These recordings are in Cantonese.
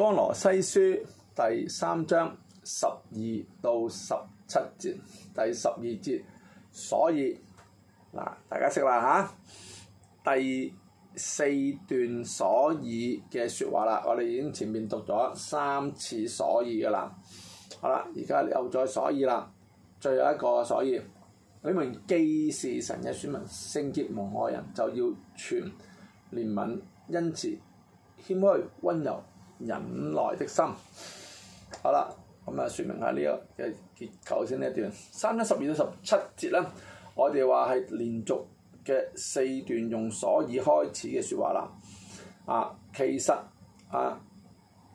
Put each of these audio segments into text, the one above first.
《江羅西書第》第三章十二到十七節，第十二節，所以嗱，大家識啦嚇。第四段所以嘅説話啦，我哋已經前面讀咗三次所以嘅啦。好啦，而家又再所以啦，最有一個所以。你們既是神嘅選民，聖潔無害人，就要全憐憫、恩慈謙、謙虛、温柔。忍耐的心。好啦，咁啊，説明下呢個嘅結構先，呢一段。三章十二到十七節咧，我哋話係連續嘅四段用所以開始嘅説話啦。啊，其實啊，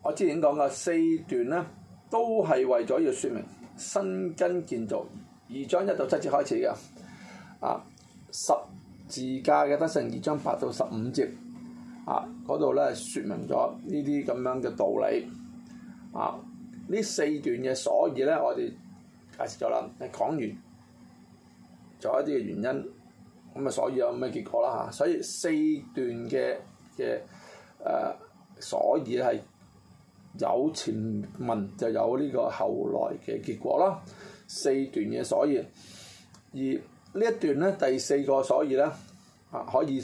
我之前講嘅四段咧，都係為咗要説明新根建造，二章一到七節開始嘅。啊，十字架嘅得成二章八到十五節。啊！嗰度咧説明咗呢啲咁樣嘅道理啊！呢四段嘅所以咧，我哋解釋咗啦。誒講完，仲有一啲嘅原因，咁啊所以有咩結果啦？嚇、啊，所以四段嘅嘅誒，所以係有前文就有呢個後來嘅結果啦、啊。四段嘅所以而呢一段咧，第四個所以咧啊，可以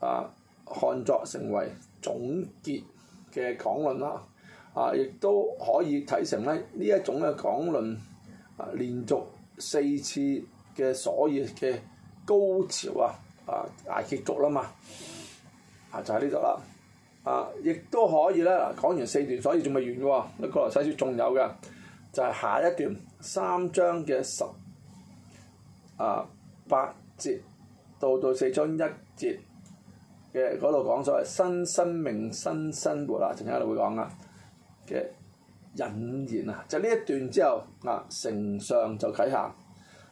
啊。看作成為總結嘅講論啦，啊，亦都可以睇成咧呢一種嘅講論，連續四次嘅所謂嘅高潮啊，啊，大結局啦嘛，啊就喺呢度啦，啊，亦都可以咧講完四段，所以仲未完嘅喎，你、啊、過嚟睇書仲有嘅，就係、是、下一段三章嘅十啊八節，到到四章一節。嘅嗰度講所謂新生命、新生活啦，陳生一路會講噶嘅引言啊，就係呢一段之後啊，承上就啟下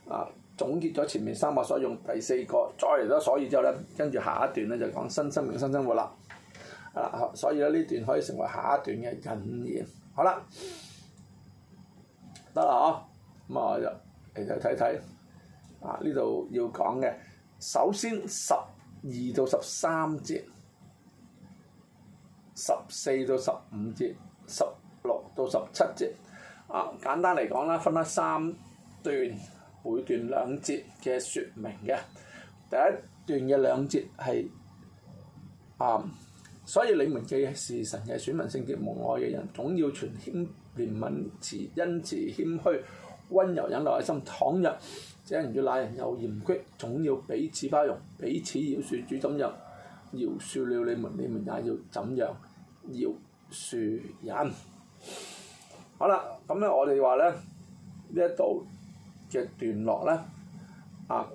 啊，總結咗前面三個所以用第四個再嚟咗。所以之後咧，跟住下一段咧就講新生命、新生活啦啊，所以咧呢段可以成為下一段嘅引言，好啦，得啦哦，咁啊就嚟睇睇啊呢度要講嘅，首先十二到十三節，十四到十五節，十六到十七節。啊、嗯，簡單嚟講啦，分開三段，每段兩節嘅説明嘅。第一段嘅兩節係啊、嗯，所以你們既係神嘅選民，聖潔無愛嘅人，總要存謙憐憫，持恩慈謙虛，温柔忍耐心。倘若。這人與那人有嫌隙，總要彼此包容，彼此要説主怎樣，饒恕了你們，你們也要怎樣，要饒恕人。好啦，咁咧我哋話咧呢一度嘅段落咧，啊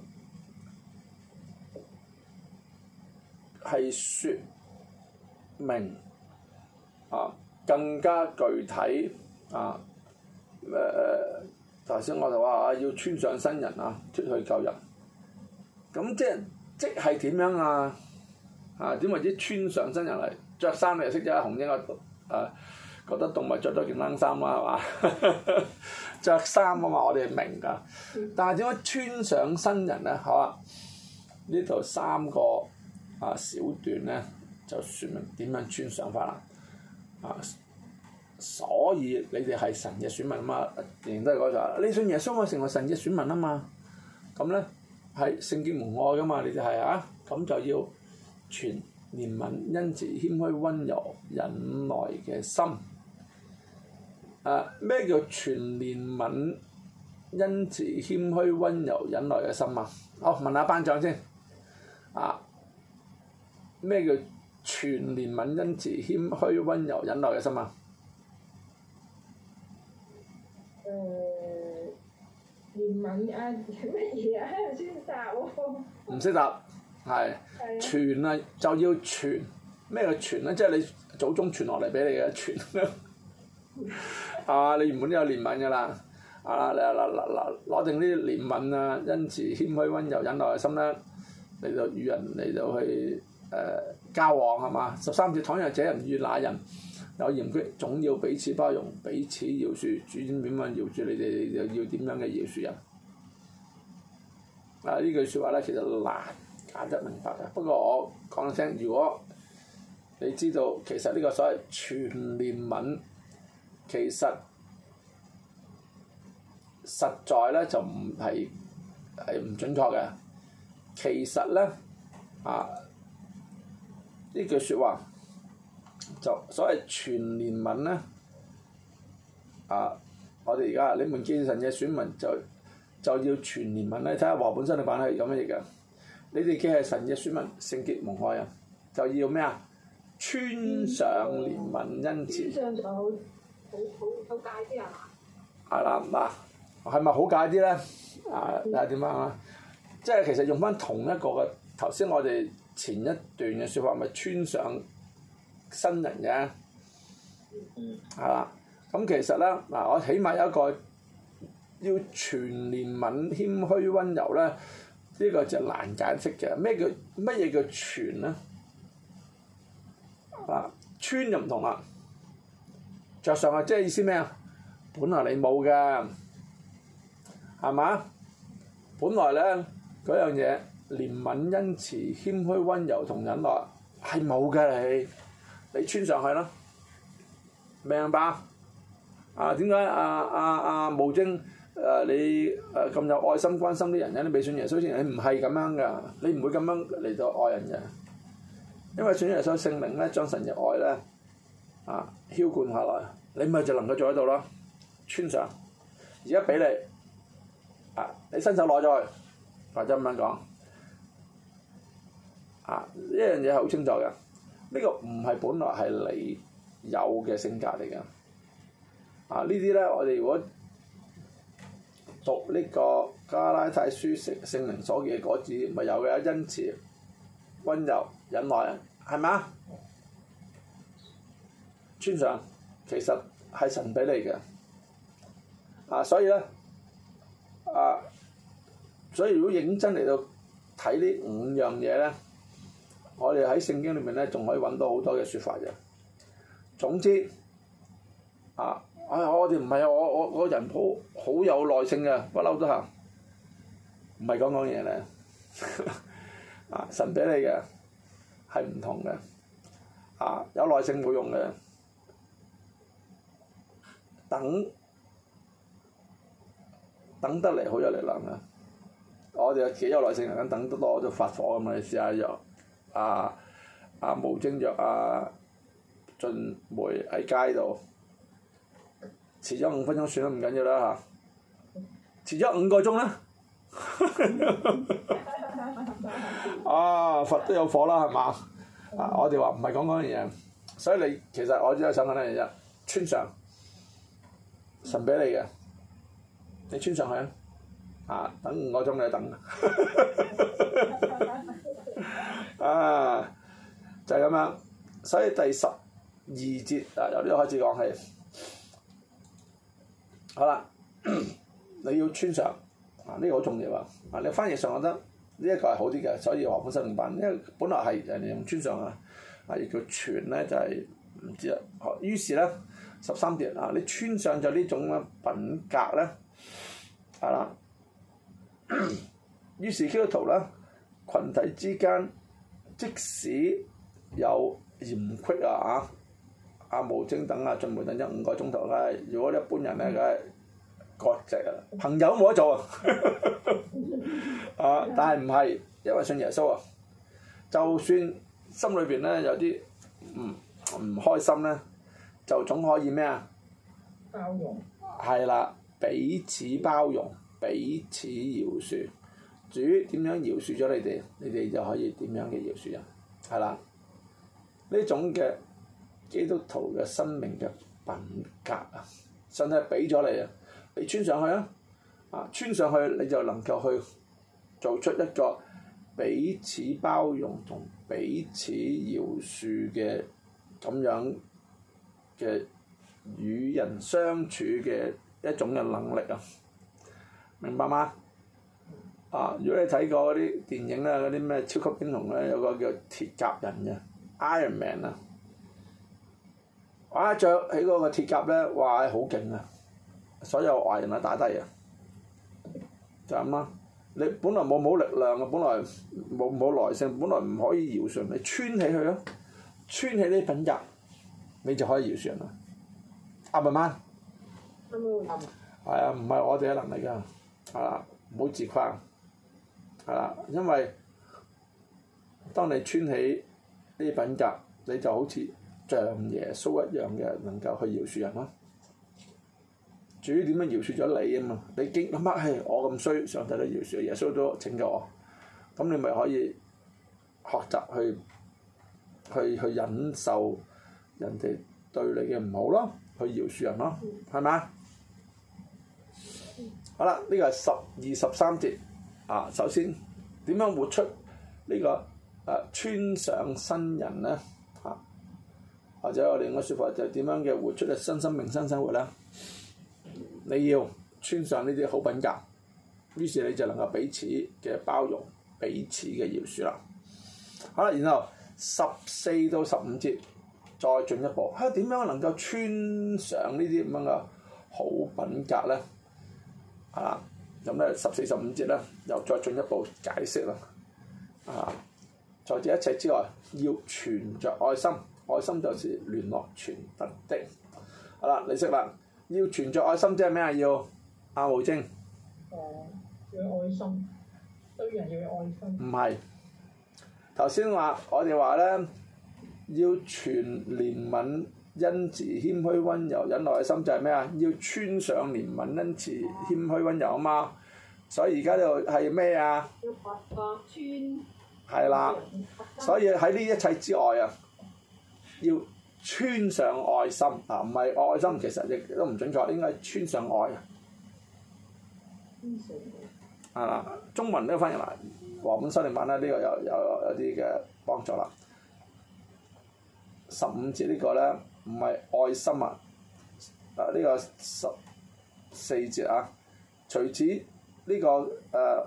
係説明啊更加具體啊誒、呃頭先我就話啊，要穿上新人啊，出去救人。咁即即係點樣啊？啊，點為之穿上新人嚟？着衫你又識咗啊，紅英啊，誒，覺得動物着咗件冷衫啦，係嘛？着衫啊嘛，我哋明㗎。但係點樣穿上新人咧？好啦，啊，呢度三個啊小段咧，就説明點樣穿上法啦。啊！所以你哋係神嘅選民啊嘛，仍然都係嗰句話。你信耶穌咪成為神嘅選民啊嘛。咁咧係聖經門外嘅嘛，你就係啊。咁就要全憐憫、因此謙虛、溫柔、忍耐嘅心。誒、啊，咩叫全憐憫、因此謙虛、溫柔、忍耐嘅心啊？好，問下班長先。啊，咩叫全憐憫、因此謙虛、溫柔、忍耐嘅心啊？誒，憐憫啊，乜嘢啊？唔識答唔、啊、識 答，係傳啊，就要傳咩嘅傳咧？即係你祖宗傳落嚟俾你嘅傳，係、啊、你原本都有憐憫嘅啦，啊，嗱嗱嗱嗱，攞定啲憐憫啊，恩慈、謙虛、温柔、忍耐心啦，你就與人你就去誒、呃、交往係嘛？十三節，倘若這人與那人。有嫌隙，總要彼此包容，彼此饒恕。主見點樣饒恕你哋？又要點樣嘅饒恕人？啊！呢句説話咧，其實難解得明白啊。不過我講聲，如果你知道，其實呢個所謂全面文，其實實在咧就唔係係唔準確嘅。其實咧，啊呢句説話。就所謂存憐憫咧，啊！我哋而家你們見神嘅選民就就要存憐憫。咧，睇下華本新嘅版係咁樣嘢㗎。你哋既係神嘅選民，聖潔蒙愛啊，就要咩啊？穿上憐憫、恩慈，穿上就好，好、嗯、好好解啲、嗯、啊！係啦，嗱，係咪好解啲咧？啊，點樣啊？即係其實用翻同一個嘅頭先，我哋前一段嘅説法，咪穿上。新人嘅，係啦，咁其實咧，嗱，我起碼有一個要全憐憫、謙虛溫呢、溫柔咧，呢個就難解釋嘅。咩叫乜嘢叫全咧？啊，穿又唔同啦，着上啊，即係意思咩啊？本來你冇㗎，係嘛？本來咧嗰樣嘢，憐憫、恩慈、謙虛、溫柔同忍耐係冇㗎，你。你穿上去啦，明白？啊點解啊啊啊無精？誒、啊、你誒咁有愛心關心啲人，你未選耶穌之前你唔係咁樣噶，你唔會咁樣嚟到愛人嘅，因為選耶穌嘅聖靈咧將神嘅愛咧啊澆灌下來，你咪就能夠做得到咯，穿上。而家俾你啊，你伸手攞咗去，或者咁樣講啊，呢樣嘢好清楚嘅。呢個唔係本來係你有嘅性格嚟嘅，啊呢啲咧我哋如果讀呢個加拉太書聖聖靈所結嘅果子，咪有嘅、啊，恩慈溫柔忍耐，係嘛？穿上其實係神俾你嘅，啊所以咧啊，所以如果認真嚟到睇呢五樣嘢咧。我哋喺聖經裏面咧，仲可以揾到好多嘅説法啫。總之，啊，哎、我哋唔係我我我人好好有耐性嘅，不嬲都行，唔係講講嘢咧。啊，神俾你嘅係唔同嘅，啊有耐性冇用嘅，等等得嚟好有力量嘅。我哋有幾有耐性，等得多我就發火咁嘛，你試下又～啊！啊無精藥，啊，俊梅喺街度遲咗五分鐘算都唔緊要啦嚇，遲咗五個鐘啦，啊，啊佛都有火啦係嘛啊！我哋話唔係講嗰樣嘢，所以你其實我只想講咧，其實穿上神俾你嘅，你穿上去啊！啊，等五個鐘你等。啊 啊，uh, 就係咁樣，所以第十二節啊，由呢度開始講起，好啦， 你要穿上啊，呢、呢個好重要啊！啊，你翻譯上我覺得呢一個係好啲嘅，所以和合本修訂版，因為本來係人哋用穿上啊，係叫傳咧，就係唔知啦。於是咧，十三節啊，你穿上咗呢種嘅品格咧，係、啊、啦、啊，於是基督徒咧，群體之間。即使有嫌隙啊，阿、啊、無精等啊，俊梅等咗五個鐘頭啦。如果一般人咧，梗係割席啦，朋友都冇得做啊。 啊！但係唔係，因為信耶穌啊，就算心裏邊咧，有啲唔唔開心咧，就總可以咩啊？包容係啦，彼此包容，彼此饒恕。主點樣饒恕咗你哋，你哋就可以點樣嘅饒恕人，係啦。呢種嘅基督徒嘅生命嘅品格啊，神咧俾咗你啊，你穿上去啊，啊穿上去你就能夠去做出一個彼此包容同彼此饒恕嘅咁樣嘅與人相處嘅一種嘅能力啊，明白嗎？啊！如果你睇過嗰啲電影咧，嗰啲咩超級英雄咧，有個叫鐵甲人嘅 Iron Man 啊，哇、啊！着起嗰個鐵甲咧，哇！好勁啊！所有壞人啊，打低啊！就咁啦、啊。你本來冇冇力量、啊，我本來冇冇耐性，本來唔可以饒恕，你穿起佢咯、啊，穿起呢品格，你就可以饒恕啦。啱唔啱？係、嗯、啊，唔係、嗯啊、我哋嘅能力噶、啊，係、嗯、啦，唔好自誇。係啦，因為當你穿起呢品格，你就好似像，像耶穌一樣嘅，能夠去饒恕人咯。至於點樣饒恕咗你啊嘛？你經諗乜？嘿、哎，我咁衰，上帝都饒恕，耶穌都拯救咗我，咁你咪可以學習去去去忍受人哋對你嘅唔好咯，去饒恕人咯，係咪？好啦，呢、這個係十二十三節。啊，首先點樣活出呢、呢個誒、啊、穿上新人咧？啊，或者我哋另一個說法就點樣嘅活出嘅新生，生命、新生活咧？你要穿上呢啲好品格，於是你就能夠彼此嘅包容、彼此嘅饒恕啦。好、啊、啦，然後十四到十五節再進一步，係、啊、點樣能夠穿上呢啲咁樣嘅好品格咧？啊！咁咧、嗯、十四十五節咧，又再進一步解釋啦。啊，在這一切之外，要存着愛心，愛心就是聯絡全德的。好啦，你識啦？要存着愛心即係咩啊？要阿無精。哦、呃，要愛心，對人要有愛心。唔係，頭先話我哋話咧，要全憐憫。恩慈、謙虛、温柔、忍耐，心就係咩啊？要穿上憐憫、恩慈、謙虛、温柔啊嘛！所以而家呢度係咩啊？要發係啦，所以喺呢一切之外啊，要穿上愛心啊！唔係愛心，其實亦都唔準確，應該穿穿上愛。係啦、啊，中文都翻入嚟，黃本修訂版咧，呢個有有有啲嘅幫助啦。十五節呢個咧。唔係愛心啊！啊呢、這個十四節啊，除此、這個呃、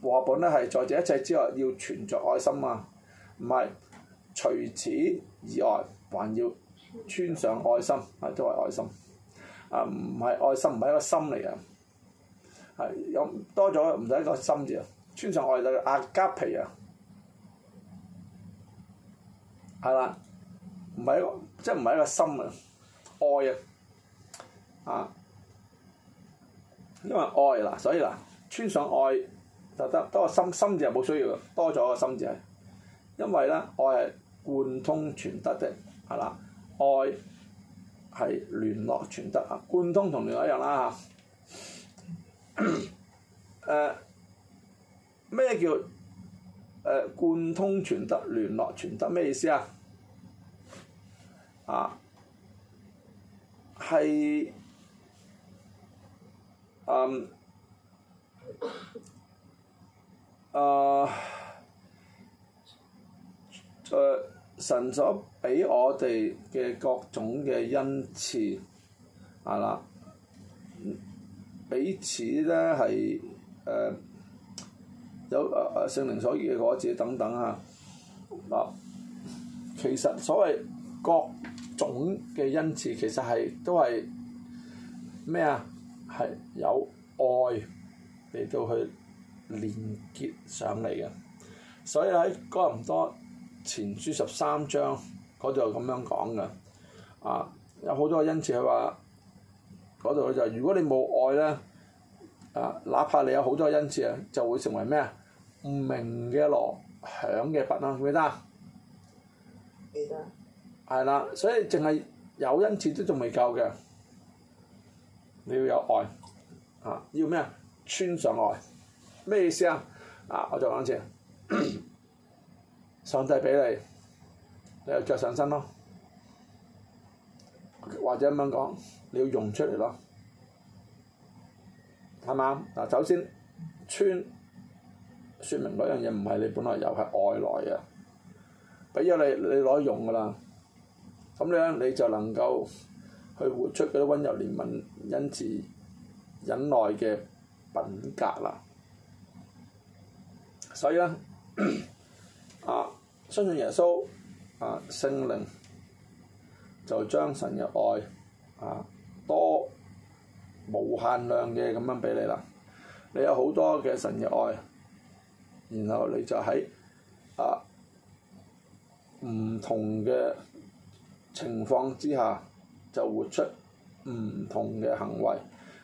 和呢個誒和合本咧，係在這一切之外，要存著愛心啊！唔係除此以外，還要穿上愛心，係都係愛心啊！唔係愛心，唔、啊、係一個心嚟啊！係有多咗唔使個心字，啊。穿上愛就叫阿加皮啊！係啦。唔係一個，即係唔係一個心啊，愛啊，啊，因為愛嗱，所以嗱，穿上愛就得多個心，心字係冇需要嘅，多咗個心字、係，因為咧愛係貫通全德的，係啦，愛係聯絡全德啊，貫通同聯絡一樣啦嚇。咩、啊呃、叫誒、呃、貫通全德、聯絡全德？咩意思啊？啊，係，嗯，啊、呃，誒神所俾我哋嘅各種嘅恩賜，係啦，彼此咧係誒有誒誒聖靈所預嘅果子等等啊，嗱，其實所謂各總嘅恩賜其實係都係咩啊？係有愛嚟到去連結上嚟嘅，所以喺哥林多前書十三章嗰度咁樣講嘅，啊有好多個恩賜佢話嗰度佢就如果你冇愛咧，啊哪怕你有好多個恩賜啊，就會成為咩啊？鳴嘅鑼，響嘅鈸啊，記得？記得。係啦，所以淨係有恩賜都仲未夠嘅，你要有愛，啊要咩啊，穿上愛，咩意思啊？啊，我再講一次，上帝俾你，你就着上身咯，或者咁樣講，你要用出嚟咯，係咪啊？嗱，首先穿，説明嗰樣嘢唔係你本來又係外來嘅，俾咗你，你攞去用㗎啦。咁樣，你就能夠去活出嗰啲溫柔、憐憫、恩慈、忍耐嘅品格啦。所以咧， 啊，相信耶穌，啊，聖靈就將神嘅愛啊多無限量嘅咁樣俾你啦。你有好多嘅神嘅愛，然後你就喺啊唔同嘅。情況之下就活出唔同嘅行為，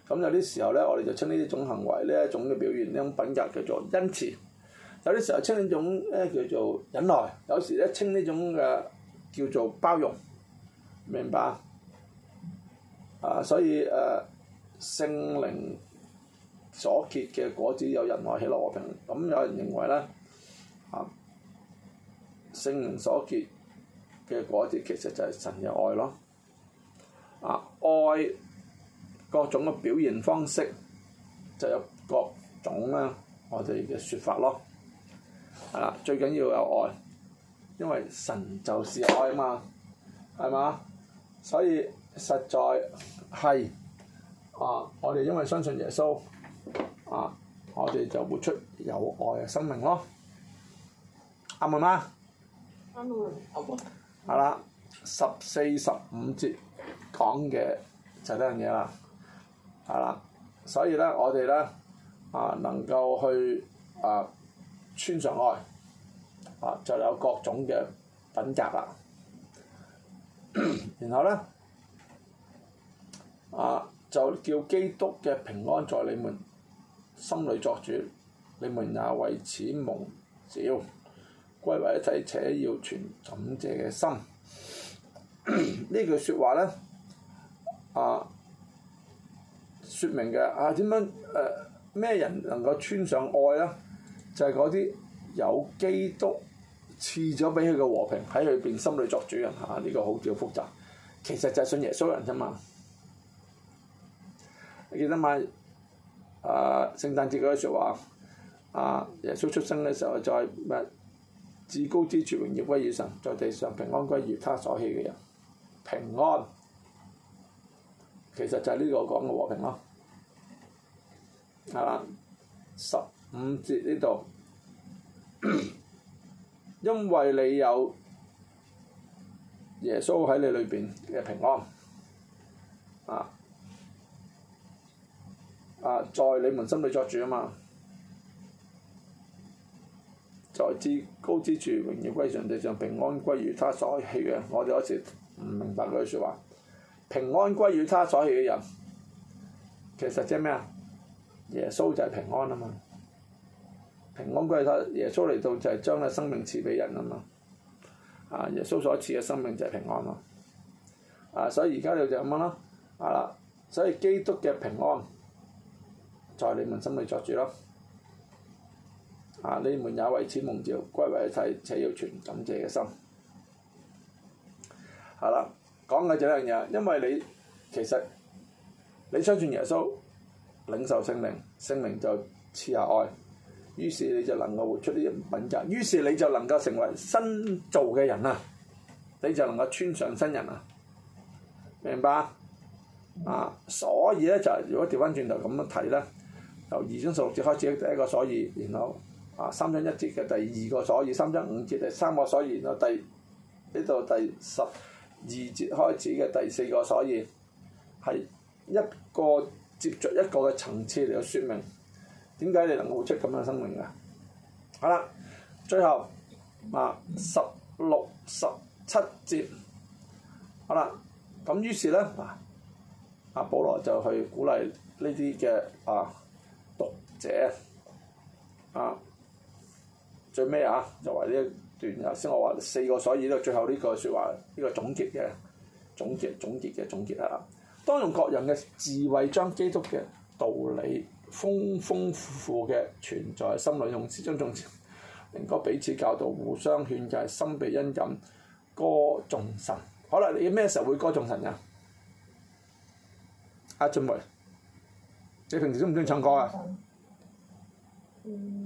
咁有啲時候咧，我哋就稱呢種行為呢一種嘅表現呢種品格叫做恩慈，有啲時候稱種呢種咧叫做忍耐，有時咧稱種呢種嘅叫做包容，明白？啊，所以誒、啊、聖靈所結嘅果子有仁愛、喜樂、和平，咁有人認為咧啊聖靈所結。嘅果子其實就係神嘅愛咯，啊愛各種嘅表現方式就有各種啦，啊，我哋嘅説法咯，係、啊、啦，最緊要有愛，因為神就是愛啊嘛，係嘛？所以實在係啊，我哋因為相信耶穌，啊，我哋就活出有愛嘅生命咯，啱唔啱？啱，啱、嗯。係啦，十四十五節講嘅就呢樣嘢啦，係啦，所以咧我哋咧啊能夠去啊穿上去，啊，啊就有各種嘅品格啦，然後咧啊就叫基督嘅平安在你們心裏作主，你們也為此蒙召。歸為一體，且要存感謝嘅心。 句呢句説話咧，啊，説明嘅啊點樣？誒、啊、咩人能夠穿上愛咧？就係嗰啲有基督賜咗俾佢嘅和平喺佢邊心裏作主人嚇。呢、啊這個好叫複雜。其實就係信耶穌人啫嘛。你記得嘛？啊，聖誕節嗰句説話，啊，耶穌出生嘅時候在、就、乜、是？至高之處榮耀歸於神，在地上平安歸於他所喜嘅人。平安，其實就係呢個講嘅和平咯，係嘛？十五節呢度，因為你有耶穌喺你裏邊嘅平安，啊啊，在你們心裏作主啊嘛。在至高之處，榮耀歸上，地上，平安歸於他所喜嘅。我哋嗰時唔明白嗰句説話，平安歸於他所喜嘅人，其實即係咩啊？耶穌就係平安啊嘛！平安歸於他，耶穌嚟到就係將你生命賜俾人啊嘛！啊，耶穌所賜嘅生命就係平安啊！啊，所以而家你就咁樣咯，係、啊、啦。所以基督嘅平安在你們心裏作主咯。啊！你們也為此蒙召，歸為一體，且要存感謝嘅心。係啦，講嘅就呢樣嘢，因為你其實你相信耶穌，領受聖靈，聖靈就賜下愛，於是你就能夠活出呢一品質，於是你就能夠成為新造嘅人啊！你就能夠穿上新人啊！明白啊？啊！所以咧，就係如果調翻轉頭咁樣睇咧，由二章十六節開始第一個所以，然後。啊，三章一節嘅第二個所以，三章五節嘅三個所以咯。然後第呢度第十二節開始嘅第四個所以，係一個接著一個嘅層次嚟到説明，點解你能夠出咁樣嘅生命㗎？好啦，最後啊，十六、十七節，好啦，咁於是咧，啊，保羅就去鼓勵呢啲嘅啊讀者啊。最尾啊，就係呢一段頭先我話四個，所以呢最後呢個説話，呢個總結嘅總結總結嘅總結啊。當用各人嘅智慧將基督嘅道理豐豐富富嘅存在心裏，用始終情，用詩章頌詞靈歌彼此教導，互相勸戒，心被恩感，歌頌神。好啦，你咩時候會歌頌神呀？阿俊梅，你平時鍾唔鍾意唱歌啊？嗯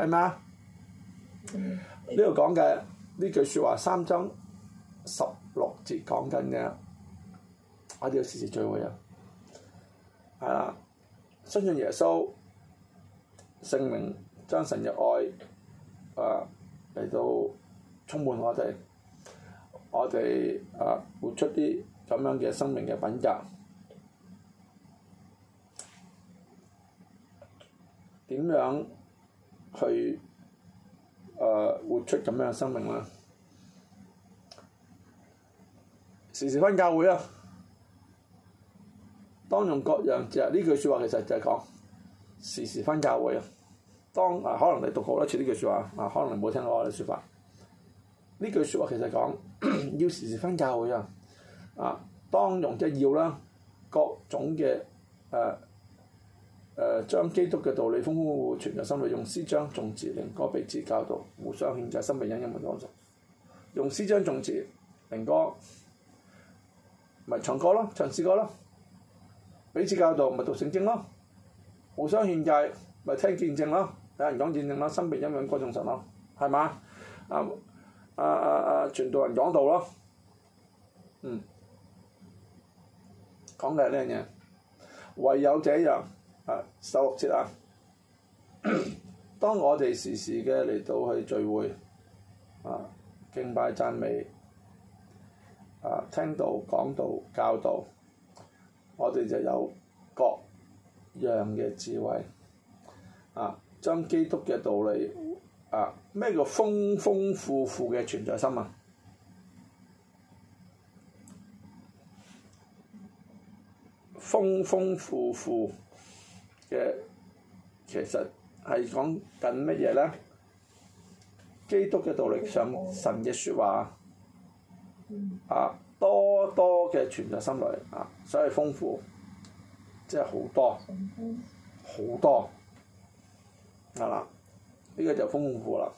係嘛？呢度講嘅呢句説話三，三章十六節講緊嘅，我哋要時時聚會啊！係啦，相信耶穌聖名，將神嘅愛啊嚟到充滿我哋，我哋啊活出啲咁樣嘅生命嘅品格，點樣？去誒、呃、活出咁樣嘅生命啦！時時分教會啊，當用各樣就係呢句説話，其實就係講時時分教會啊。當啊，可能你讀好多次呢句説話啊，可能你冇聽到我哋説法。呢句説話其實講 要時時分教會啊。啊，當用即要啦，各種嘅誒。呃誒、呃、將基督嘅道理豐豐富富傳入心裏，用詩章、頌詞、靈歌、彼此教導，互相勸戒，心被恩感歌頌神。用詩章、頌詞、靈歌，咪唱歌咯，唱詩歌咯。彼此教導咪讀聖經咯，互相勸戒咪聽見證咯，有人講見證咯，心被恩感歌頌神咯，係嘛？啊啊啊啊！傳道人講道咯，嗯，講嘅係呢樣嘢，唯有這樣。啊！十六節啊！當我哋時時嘅嚟到去聚會，啊，敬拜讚美，啊，聽道講道教導，我哋就有各樣嘅智慧，啊，將基督嘅道理，啊，咩叫豐豐富富嘅存在心啊？豐豐富富。嘅其實係講緊乜嘢咧？基督嘅道理上神嘅說話啊，多多嘅存在心裏啊，所以豐富，即係好多好多啊啦！呢、這個就豐富啦。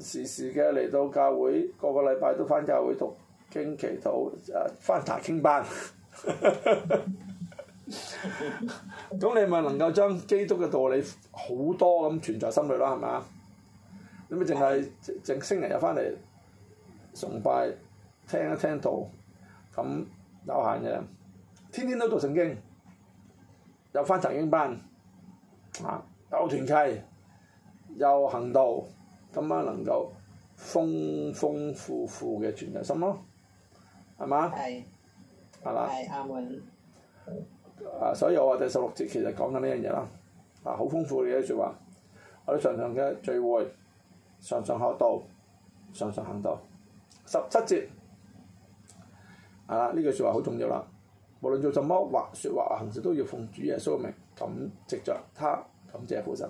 時時嘅嚟到教會，個個禮拜都返教會讀，讀經、祈禱、誒、啊、返查經班。 咁你咪能夠將基督嘅道理好多咁存在心裏咯，係咪啊？咁咪淨係淨星期日翻嚟崇拜聽一聽道咁有限嘅，天天都讀聖經，有翻查經班，啊，有團契，有行道，咁樣能夠豐豐富富嘅存在心咯，係嘛？係。係阿門。啊！所以我話第十六節其實講緊呢樣嘢啦，啊好豐富嘅説話，我哋常常嘅聚會，常常學到，常常行到。十七節啊，呢句説話好重要啦！無論做什麼話、説話、行事，都要奉主耶穌名，噉藉着「他，感謝父神。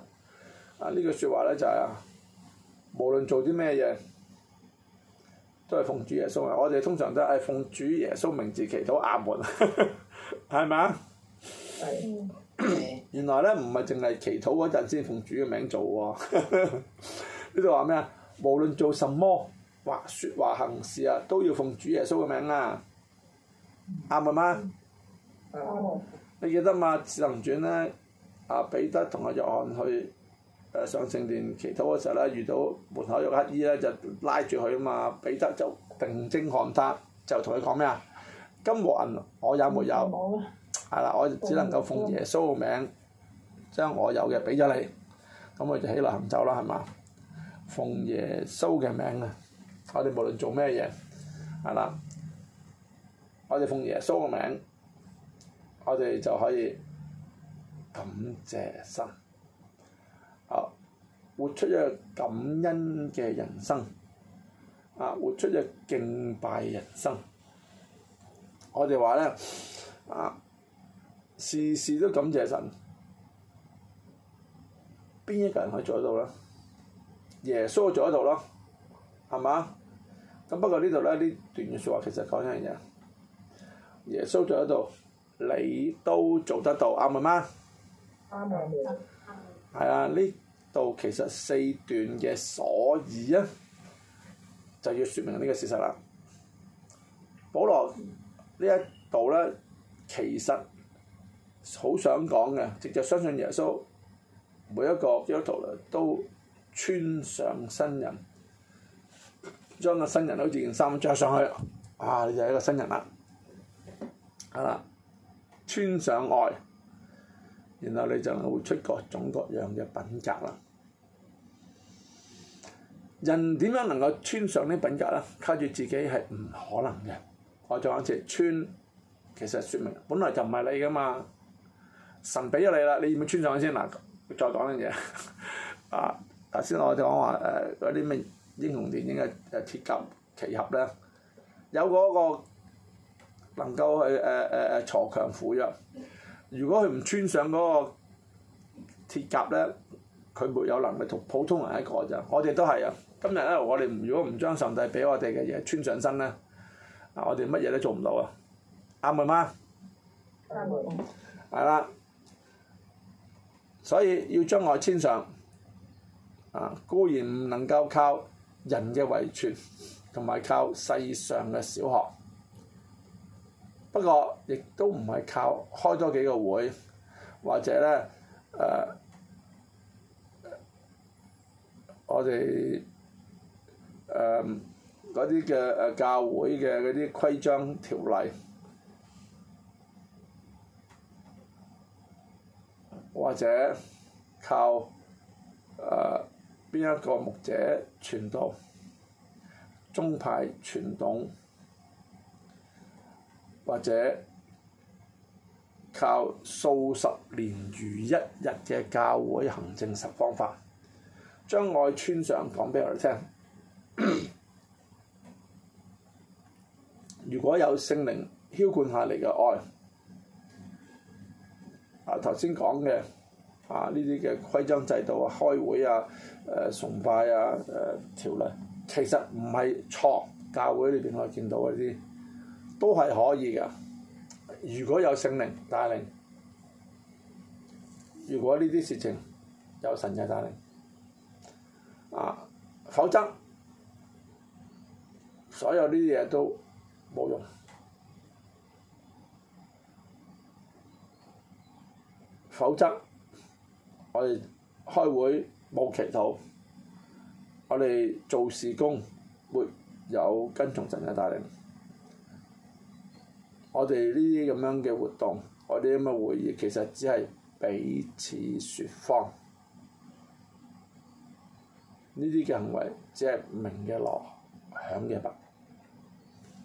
啊！句說呢句説話咧就係、是、無論做啲咩嘢，都係奉主耶穌。我哋通常都係奉主耶穌名字祈禱阿門，係 咪原來咧唔係淨係祈禱嗰陣先奉主嘅名做喎，呢度話咩啊？無論做什麼話、説話、行事啊，都要奉主耶穌嘅名啊，啱唔啱？吧嗯、你記得嘛？使徒行傳咧，阿、啊、彼得同阿約翰去誒、呃、上聖殿祈禱嗰時咧，遇到門口有乞兒咧，就拉住佢啊嘛，彼得就定睛看他，就同佢講咩啊？金和銀我有沒有。嗯嗯嗯嗯係啦，我只能夠奉耶穌嘅名，將我有嘅俾咗你，咁我哋起來行走啦，係嘛？奉耶穌嘅名啊！我哋無論做咩嘢，係啦，我哋奉耶穌嘅名，我哋就可以感謝神，啊，活出一個感恩嘅人生，啊，活出一個敬拜人生。我哋話咧，啊～事事都感謝神，邊一個人可以做得到咧？耶穌做得到咯，係嘛？咁不過呢度咧，呢段説話其實講緊嘢，耶穌做得到，你都做得到，啱唔啱？啱啊、嗯！係、嗯、啊，呢、嗯、度其實四段嘅所以啊，就要説明呢個事實啦。保羅呢一度咧，其實～好想講嘅，直接相信耶穌，每一個基督徒都穿上新人，將個新人好似件衫着上去，啊，你就係一個新人啦。啊，穿上愛，然後你就會出各種各樣嘅品格啦。人點樣能夠穿上啲品格咧？靠住自己係唔可能嘅。我再講一次，穿其實説明本來就唔係你噶嘛。神俾咗你啦，你要唔要穿上去先嗱？再講呢嘢。 啊！頭先我哋講話誒嗰啲咩英雄電影嘅誒鐵甲奇俠咧，有嗰個能夠去誒誒誒鋤強扶弱。如果佢唔穿上嗰個鐵甲咧，佢沒有能力同普通人一個咋。我哋都係啊！今日咧，我哋如果唔將上帝俾我哋嘅嘢穿上身咧，啊，我哋乜嘢都做唔到啊！啱咩嘛？係啦對。所以要將外遷上，啊，固然唔能夠靠人嘅遺傳，同埋靠世上嘅小學，不過亦都唔係靠開多幾個會，或者咧誒、呃，我哋誒嗰啲嘅誒教會嘅嗰啲規章條例。或者靠誒邊、呃、一個牧者傳道、宗派傳統，或者靠數十年如一日嘅教會行政實方法，將愛穿上講俾我哋聽。 如果有聖靈澆灌下嚟嘅愛，啊頭先講嘅。啊！呢啲嘅規章制度啊、開會啊、誒、呃、崇拜啊、誒條例，其實唔係錯，教會裏邊我見到嗰啲都係可以噶。如果有聖靈帶領，如果呢啲事情有神嘅帶領，啊，否則所有呢啲嘢都冇用，否則。我哋開會冇祈禱，我哋做事工沒有跟從神嘅帶領，我哋呢啲咁樣嘅活動，我哋咁嘅會議，其實只係彼此説謊，呢啲嘅行為只係鳴嘅鑼響嘅鈸，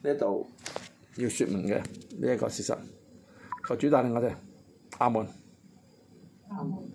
呢度要説明嘅呢一個事實，求主帶領我哋，阿門。阿門。